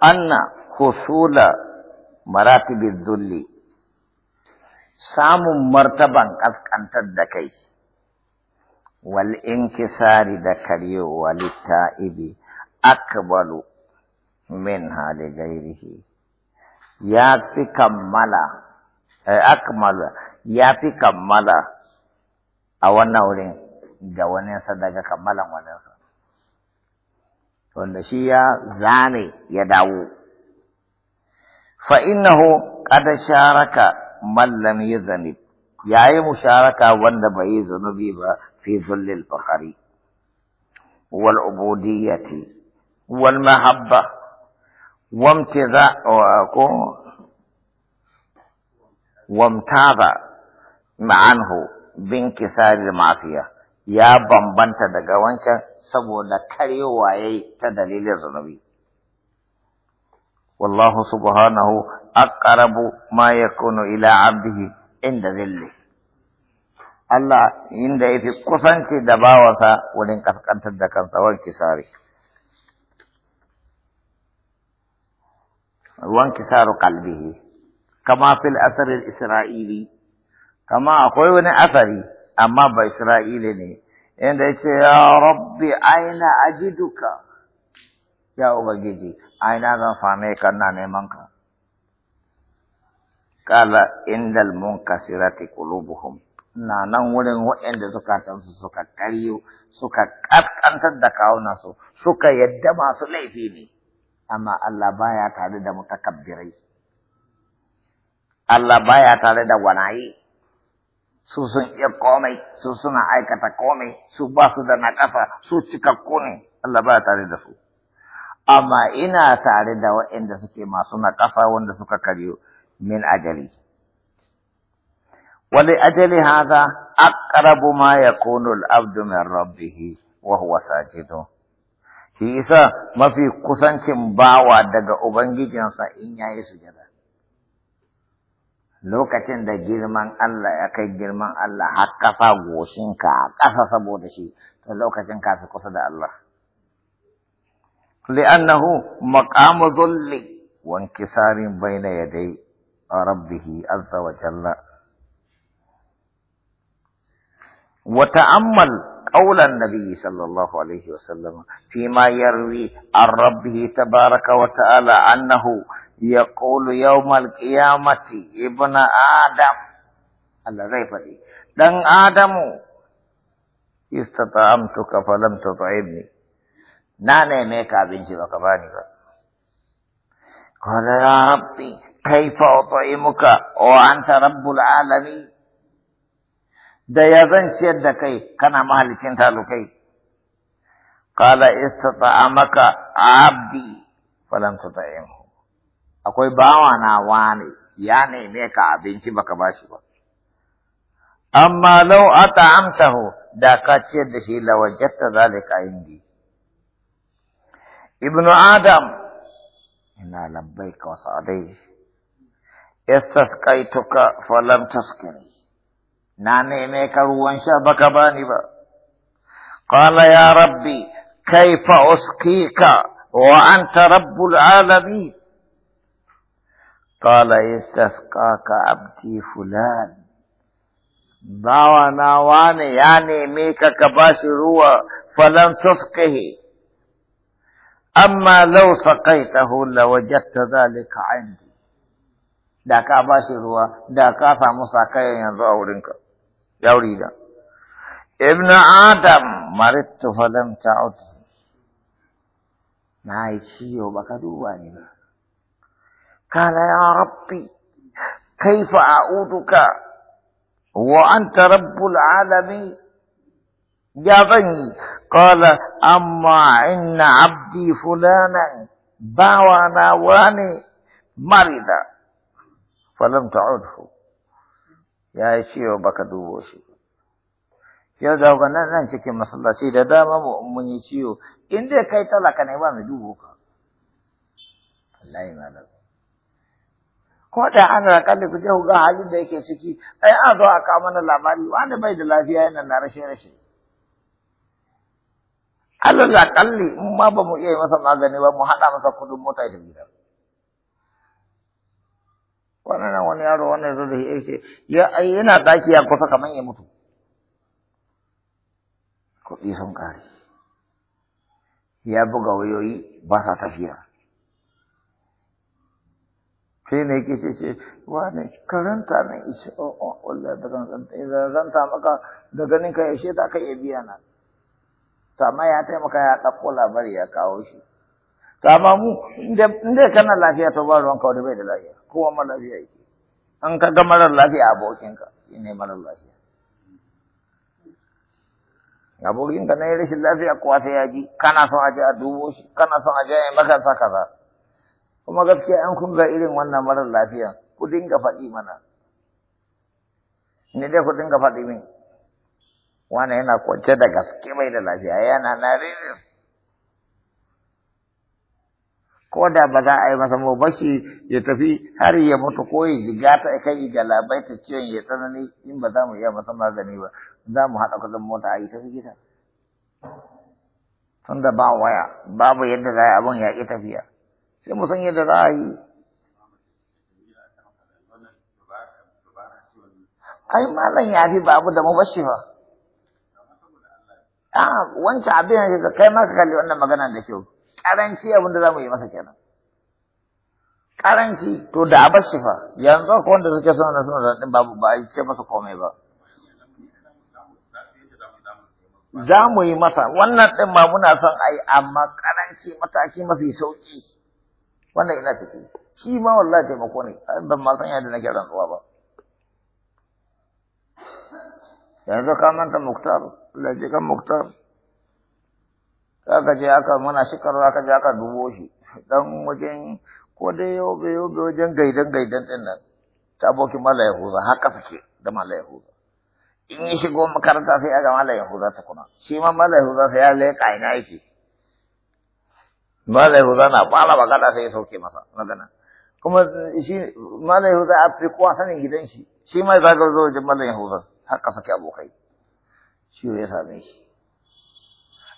anna husula maratibi dhulli samun martaban kaskantar da kai wal inkisari da kariyo walita ibi akbalu min hali gairihi ya fi kammala eh, a wannan wurin ga wani daga kammalan wani wanda shi ya zane ya dawo fa innahu qad sharaka man lam yuzanib yayi musharaka wanda bai zunubi ba fi dhullil fakhari wal ubudiyyati wal mahabba wamtiza ko wamtaba ma'anhu binkisar al-ma'siyah يا بمبان تدقوان كان سبو نكري وعيي تدليل الزنبي والله سبحانه أقرب ما يكون إلى عبده عند ذله الله عند إذن قصنك دباوثا ولن قفقان تدقان سوان كساري وانكسار قلبه كما في الأثر الإسرائيلي كما أقول أثري amma ba Isra'ila ne, inda ya ce, Ya Rabbi, aina ajiduka, ya Ubangiji, aina zan same ka na neman ka. Kala indal munkasirati qulubuhum na nan wurin waɗanda zukatansu suka karyo, suka ƙasƙantar da kawunansu, suka yadda masu laifi ne, amma Allah baya tare da mutakabbirai. Allah baya tare da wanayi. su sun iya komai su suna aikata komai su ba su da naƙasa su cikakku ne Allah ba tare da su amma ina tare da waɗanda suke masu naƙasa wanda suka karyo min ajali Wani ajali haza aqrabu ma ya konul abdu min wa huwa sajidun shi isa mafi kusancin bawa daga ubangijinsa in yayi sujada lokacin da girman Allah ya kai girman Allah har kasa goshinka a ƙasa saboda shi to lokacin ka fi kusa da Allah li'annahu maqamu dhulli wa inkisarin baina yaday rabbih azza wa jalla wa ta'ammal قول النبي صلى الله عليه وسلم فيما يروي عن ربه تبارك وتعالى أنه yaqulu yaumal qiyamati ibna adam Allah rafi dan adamu istata'am tu kafalam tu ta'ibni nane ne ka binci baka bani ba qala rabbi kaifa ta'imuka wa anta rabbul alamin da ya zan ciyar da kai kana mahalicin talukai Kala istata'amaka abdi falam tu akwai bawa na wani ya neme ka abinci baka bashi ba amma lau law ata'amtahu da ka ciyar da shi lawajatta zalika indi ibnu adam ina labbaika wa sa'adai istasqaituka falam taskini na neme ka ruwan sha baka bani ba qala ya rabbi kaifa uskika wa anta rabbul alamin قال استسقاك عبدي فلان باوا ناوان يعني ميكا كباش روى فلن تسقه اما لو سقيته لوجدت ذلك عندي da ka ba shi ruwa da ka samu sakayen yanzu a wurinka ya wuri da ibnu adam marittu falam ta'ud na yi ciwo baka duba ni ba قال يا ربي كيف اعودك وانت رب العالمين يا بني قال اما ان عبدي فلانا باوى نواني مرض فلم تعده يا شيء بك دوبوشي يا دوغا نانا شكي مصلى داما دادا مؤمن شيء ان دي كيتا لك نيوان دوبوكا الله يمالك ko da ana raka da kuje ga halin da yake ciki ai a zo a kawo mana labari wani bai da lafiya yana na rashe rashe Allah la kalli in ma ba mu iya masa magani ba mu haɗa masa kudin mota da gida wannan wani yaro wannan zo da ya ce yana daki ya kusa kamar ya mutu kuɗi sun ƙare ya buga wayoyi ba sa tafiya sai ne ke ce ce wane karanta na ishe oh, o'o oh, wallahi da zan ta eh, maka da ganin ka yaushe ta ka iya biya na to amma ya taimaka ya ɗauko labari ya kawo shi to amma mu inda kana lafiya to ba ruwan kawai da bai da lafiya kowa ma lafiya yake an ka ga marar lafiya abokinka shi ne marar lafiya abokinka na yi rashin lafiya kuwa sai ya ji kana son a a dubo shi kana son a a yi maka kaza kuma gaskiya an kun ga irin wannan marar lafiya ku dinga faɗi mana ni dai ku dinga faɗi min wannan yana kwance da gaske mai da lafiya yana na riris ko da ba za a yi masa mu ya tafi har ya mutu ko ya jiga ta kai ga labai ta ciwon ya tsanani in ba za mu iya masa magani ba za mu haɗa kudin mota a yi tafi gida tunda ba waya babu yadda za a abin ya ƙi tafiya sai mu san yadda za a yi ai malam ya fi babu da mu bashi ba a wancan abin ka kai ma kalli wannan magana da kyau karanci abin da za mu yi masa kenan karanci to da shi fa yanzu ko wanda suke son na suna zaɗin babu ba a ce masa komai ba za mu yi masa wannan ɗin ma muna son a yi amma karanci mataki mafi sauƙi. wannan ina ciki shi ma wallahi taimako ne ban ma san yadda nake rantsuwa ba yanzu ka manta muktar laje kan muktar aka je aka muna shekaru aka je aka dubo shi dan wajen ko dai yau bai, wajen gaidan gaidan din nan ta abokin mala yahuza haka suke da mala yahuza in ya shigo makaranta sai aga mala yahuza ta kuna shi ma mala yahuza sai ya leƙa ina yake malai huza na fara magana sai ya sauke masa magana kuma shi malai huza a fi kwa sanin gidan shi shi mai ya zo wajen malai huza haka sake abokai shi ya same shi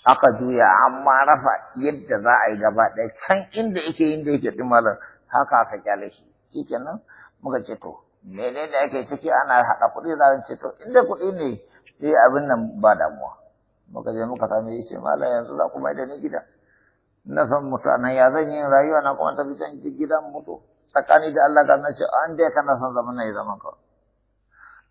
aka juya amma rafa yadda za a yi gaba ɗaya can inda yake inda yake ɗin malam haka aka kyale shi shikenan muka ce to menene da ake ciki ana haɗa kuɗi za a ce to inda kuɗi ne sai abin nan ba damuwa muka je muka same shi ce yanzu za ku mai da ni gida na san nan ya zan yin rayuwa na kuma tafi can gidan mutu tsakani da Allah na nace an dai na son zaman ne zaman ka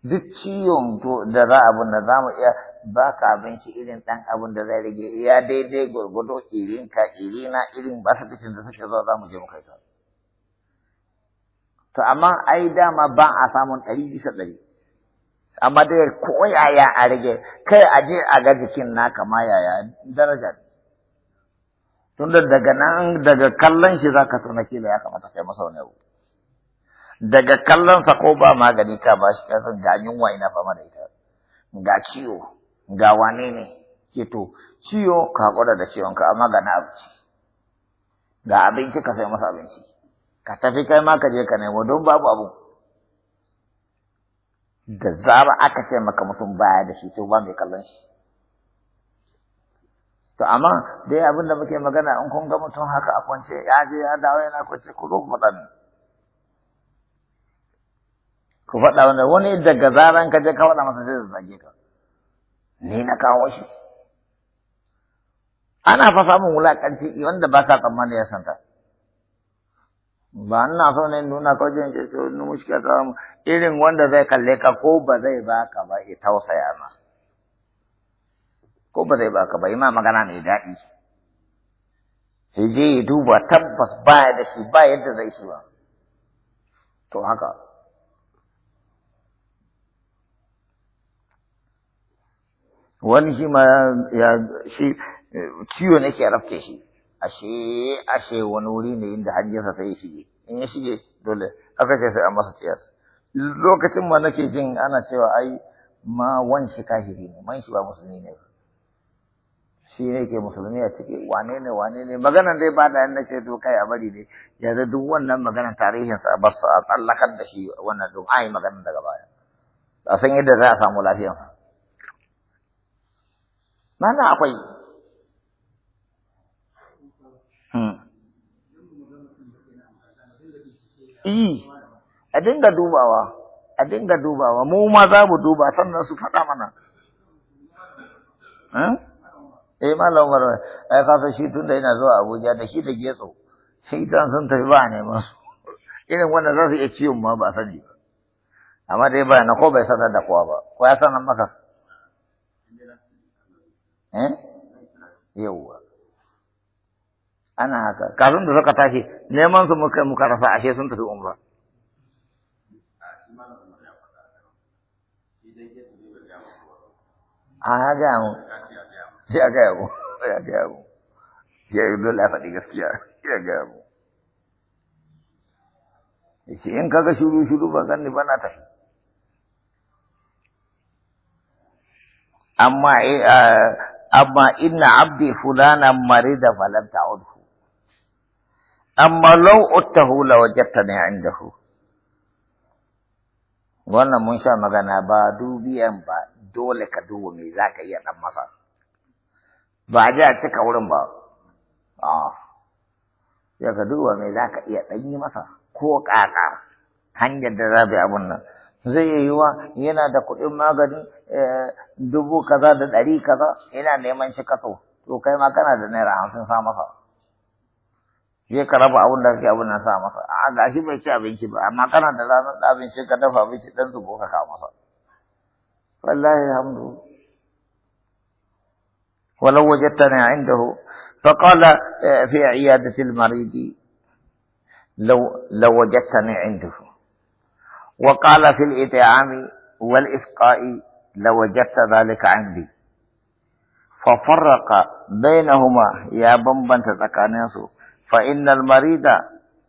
duk ciwon da za abun da za mu iya baka abin shi irin ɗan abun da zai rage ya daidai gwargwado irin ka irina irin basatikin da suke zuwa zamu je mu kai ta to amma ai dama ba a samun ɗari bisa ɗari amma dai ko yaya a rage kai a je a ga jikin na kama yaya daraja tunda daga nan daga kallon shi zaka tuna kila ya kamata kai masa wani abu daga kallon sa ko ba magani ka ba shi kasan ga yunwa ina fama da ita ga ciwo ga wane ne ke to ciwo ka kwada da ciwon ka amma ga na abinci ga abinci ka sai masa abinci ka tafi kai ma ka je ka nemo don babu abu da zara aka ce maka mutum baya da shi to ba mai kallon shi to amma dai abin da muke magana in kun ga mutum haka a kwance ya je ya dawo yana kwance ku zo ku faɗa min ku faɗa wanda wani daga zaran ka je ka faɗa masa sai zage ka ni na kawo shi ana fa samun wulaƙanci wanda ba sa tsammani ya santa ba ina so ne nuna ko jin ce to ni mushkila irin wanda zai kalle ka ko ba zai baka ba ya tausaya ma ko ba zai baka ba ma magana mai daɗi sai je ya duba tabbas ya da shi ba yadda zai shi ba to haka wani shi ma ya shi ciwo ne ke rafke shi ashe ashe wani wuri ne inda hanyarsa ta yi shige in ya shige dole aka ce sai a masa tiyar lokacin ma nake jin ana cewa ai ma wan shi kahiri ne man shi ba musulmi ne ba shi ne ke musulmi a ciki wane ne wane ne maganan dai ba da yan nace to kai a bari ne, yanzu duk wannan maganan tarihin sa ba sa tsallakar da shi wannan duk ai maganan daga baya a san yadda za a samu lafiyar sa mana akwai Eh, a dinga dubawa, a dinga dubawa, mu ma za mu duba sannan su faɗa mana. Hmm? eh malam warwa ai ka san shi tunda yana zuwa Abuja da shi da getso shi idan sun tafi ba ne ba irin wannan za su iya ciwon ma ba sani ba amma dai ba ko bai sanar da kowa ba ko ya sanar maka eh yawwa ana haka kafin da suka tashi neman su muka muka rasa ashe sun tafi umra a ya gaya ya gaya mu ya gaya mu ya yi dole a faɗi gaskiya ya gaya mu ya ce in kaga shuru shuru ba ganni ba na tafi amma eh, amma inna abdi fulana marida falam ta'udhu amma law uttahu lawajadtani indahu wannan mun sha magana ba dubiyan ba dole ka duba me zaka iya dan masa ba a ji a cika wurin ba a ya ka duba mai za ka iya ɗanyi masa ko ƙaƙa hanyar da za bi abin nan zai iya yiwa yana da kuɗin magani eh, dubu kaza da ɗari kaza yana neman shi kaso to kai ma kana da naira hamsin sa masa je ka raba abin da kake abin nan sa masa a shi bai ci abinci ba amma kana da ranar abinci ka dafa abinci ɗan zubo ka kawo masa wallahi alhamdulillah ولو وجدتنا عنده فقال آه، في عيادة المريض لو لو وجدتني عنده وقال في الإطعام والإسقاء لوجدت ذلك عندي ففرق بينهما يا بمبا تتكانيسو فإن المريض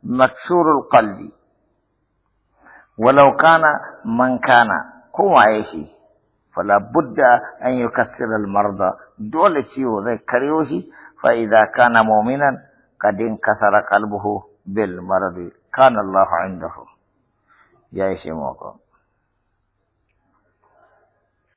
مكسور القلب ولو كان من كان هو يشي فلا بد أن يكسر المرضى دول شيو ذي كريوشي فإذا كان مؤمنا قد انكسر قلبه بالمرض كان الله عنده يا شيخ